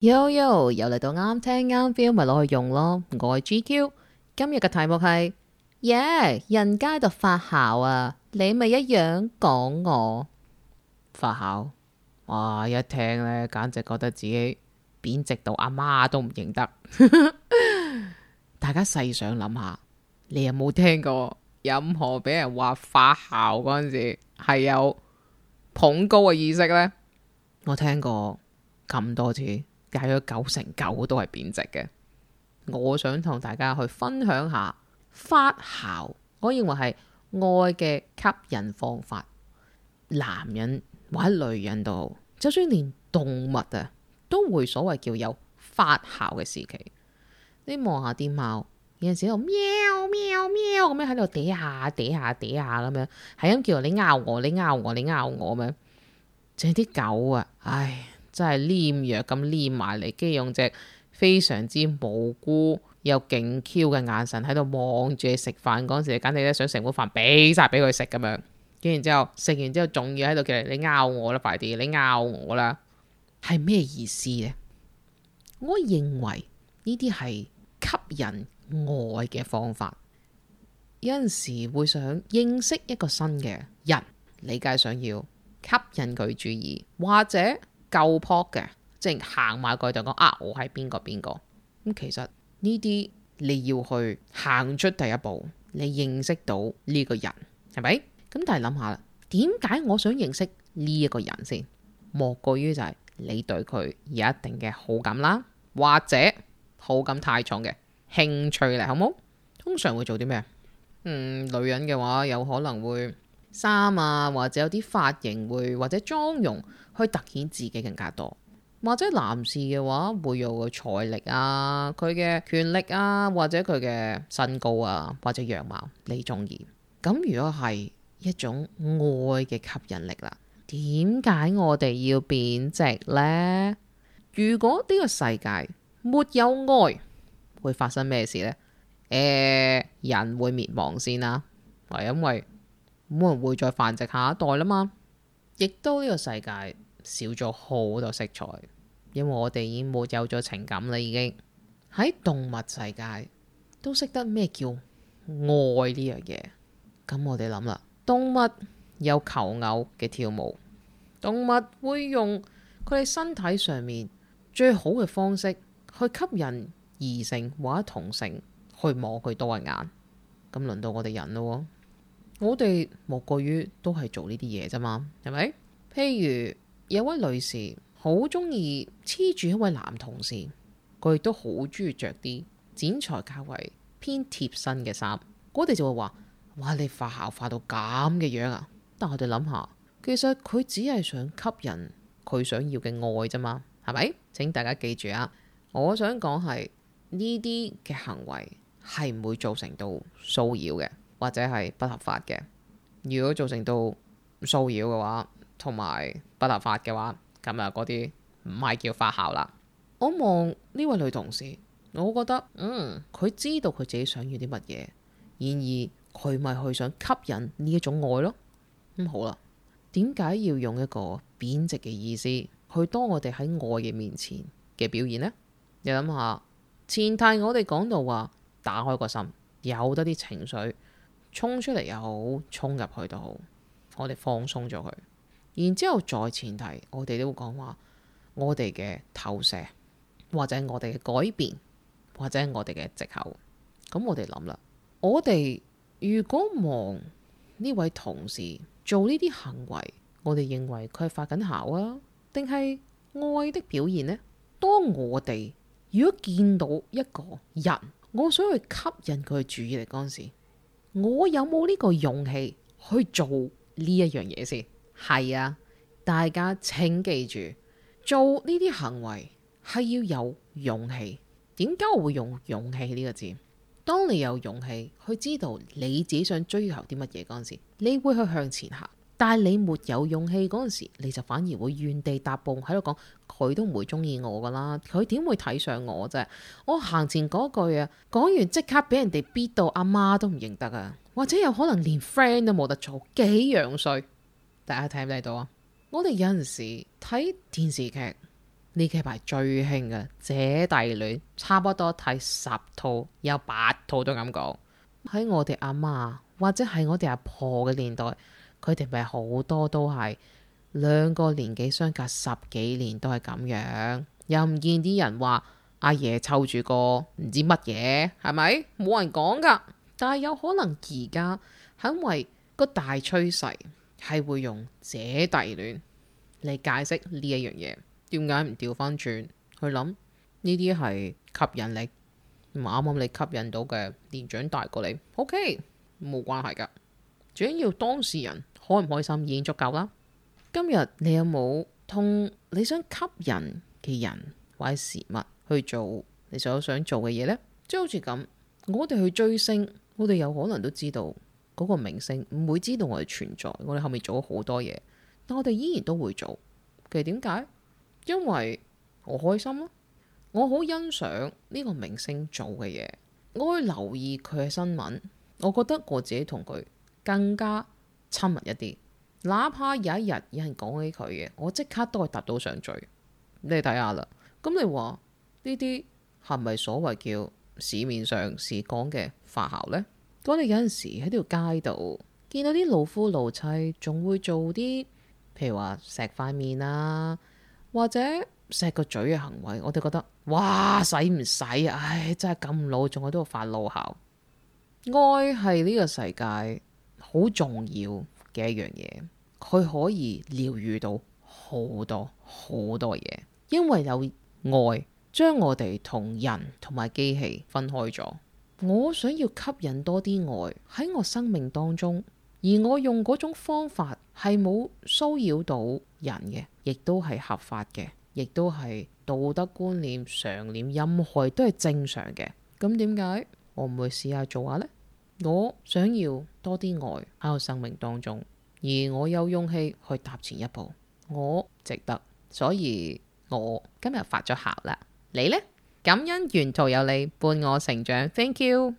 Yo yo，又嚟到啱聽啱 feel，咪攞去用咯。我係 GQ，今日嘅題目係嘢，yeah, 人家喺度發姣啊！你咪一樣講我發姣。哇，一聽呢，簡直覺得自己貶值到阿媽都唔認得。 大家細想諗下，你有冇聽過任何俾人話發姣嗰陣時係有捧高嘅意識呢？ 我聽過咁多次。大咗九成九都係貶值嘅。我想同大家去分享下發姣，我認為係愛嘅吸引方法。男人或者女人都好，就算連動物啊都會所謂叫有發姣嘅時期。你望下啲貓，有陣時喵喵喵咁樣喺度嗲下嗲下嗲下咁樣，係咁叫你咬我，你咬我，你咬我咁樣。仲有啲狗啊，唉。真係黏若咁黏埋嚟，跟住用隻非常之無辜又勁 Q 嘅眼神喺度望住你食飯嗰陣時，簡直咧想成碗飯俾晒俾佢食咁樣，跟住之後食完之後仲要喺度叫你咬我啦，快啲，你咬我啦，係咩意思呢？我認為呢啲係吸引愛嘅方法，有陣時會想認識一個新嘅人，理解想要吸引佢注意或者。夠撲嘅，即係行埋過去就講，啊，我係邊個邊個。咁其實呢啲你要去行出第一步，你認識到呢個人係咪？咁但係諗下啦，點解我想認識呢一個人先？莫過於就係你對佢有一定嘅好感啦，或者好感太重嘅興趣嚟。好冇？通常會做啲咩？嗯，女人嘅話有可能會衫啊，或者有啲髮型會，或者妝容。可以突顯自己更加多，或者男士嘅話會有個財力啊，佢嘅權力啊，或者佢嘅身高啊，或者樣貌，你中意咁。如果係一種愛嘅吸引力啦，點解我哋要貶值呢？如果呢個世界沒有愛，會發生咩事呢？誒、欸，人會滅亡先啦，係因為冇人會再繁殖下一代啦嘛，亦都呢個世界。少咗好多色彩，因為我哋已經冇有咗情感啦。已經喺動物世界都識得咩叫愛呢樣嘢。咁我哋諗啦，動物有求偶嘅跳舞，動物會用佢哋身體上面最好嘅方式去吸引異性或者同性去望佢多一眼。咁輪到我哋人咯，我哋莫過於都係做呢啲嘢啫嘛，係咪？譬如，有位女士好中意黐住一位男同事，佢亦都好中意着啲剪裁較為偏貼身嘅衫。我哋就會話：哇！你化姣化到咁嘅樣啊！但我哋諗下，其實佢只係想吸引佢想要嘅愛啫嘛，係咪？請大家記住啊！我想講係呢啲嘅行為係唔會造成到騷擾嘅，或者係不合法嘅。如果造成到騷擾嘅話，同埋不合法嘅話，咁啊嗰啲唔係叫發姣啦。我望呢位女同事，我覺得嗯，佢知道佢自己想要啲乜嘢，然而佢咪去想吸引呢一種愛咯。咁、嗯、好啦，點解要用一個貶值嘅意思去當我哋喺愛嘅面前嘅表現呢？你諗下，前提我哋講到話打開個心，有得啲情緒衝出嚟又好，衝入去都好，我哋放鬆咗佢。然之後，再前提，我哋都會講話我哋嘅投射，或者我哋嘅改變，或者我哋嘅借口。咁我哋諗啦，我哋如果望呢位同事做呢啲行為，我哋認為佢係發緊姣啊，定係愛的表現呢？當我哋如果見到一個人，我想去吸引佢嘅注意力嗰陣時，我有冇呢個勇氣去做呢一樣嘢先？係啊，大家請記住做呢啲行為係要有勇氣。點解我會用勇氣呢個字？當你有勇氣去知道你自己想追求啲乜嘢嗰陣時，你會去向前行。但係你沒有勇氣嗰陣時，你就反而會原地踏步喺度講，佢都唔會中意我噶啦。佢點會睇上我啫？我行前嗰句啊，講完即刻俾人哋逼到阿媽都唔認得啊，或者有可能連 friend 都冇得做，幾樣衰。大家睇唔睇到啊？我哋有陣時睇電視劇，呢期排最興嘅姐弟戀，差不多睇十套有八套都咁講。喺我哋阿媽或者係我哋阿婆嘅年代，佢哋咪好多都係兩個年紀相隔十幾年都係咁樣，又唔見啲人話阿爺湊住個唔知乜嘢係咪冇人講噶但係有可能而家係因為個大趨勢。係會用姐弟戀嚟解釋呢一樣嘢，點解唔調翻轉去諗？呢啲係吸引力，咁啊啱啱你吸引到嘅年長大過你，OK，冇關係噶。最緊要當事人開唔開心已經足夠啦。今日你有冇同你想吸引嘅人或者事物去做你所想做嘅嘢呢？即係好似咁，我哋去追星，我哋有可能都知道。嗰個明星唔會知道我哋存在，我哋後面做咗好多嘢，但我哋依然都會做。其實點解？因為我開心咯，我好欣賞呢個明星做嘅嘢，我會留意佢嘅新聞，我覺得我自己同佢更加親密一啲。哪怕有一日有人講起佢嘅，我即刻都會答到上嘴。你睇下啦，咁你話呢啲係咪所謂叫市面上時講嘅發姣呢？我當你有陣時喺條街度見到啲老夫老妻，仲會做啲譬如話錫塊面啊，或者錫個嘴嘅行為，我哋覺得哇，使唔使啊？唉，真係咁老，仲喺度發老姣。愛係呢個世界好重要嘅一樣嘢，佢可以療癒到好多好多嘢，因為有愛將我哋同人同埋機器分開咗。我想要吸引多啲愛喺我生命當中，而我用嗰種方法係冇騷擾到人嘅，亦都係合法嘅，亦都係道德觀念、常念，任何都係正常嘅。咁點解我唔會試下做下呢？我想要多啲愛喺我生命當中，而我有勇氣去踏前一步，我值得，所以我今日發咗姣啦。你呢？感恩沿途有你伴我成長 thank you。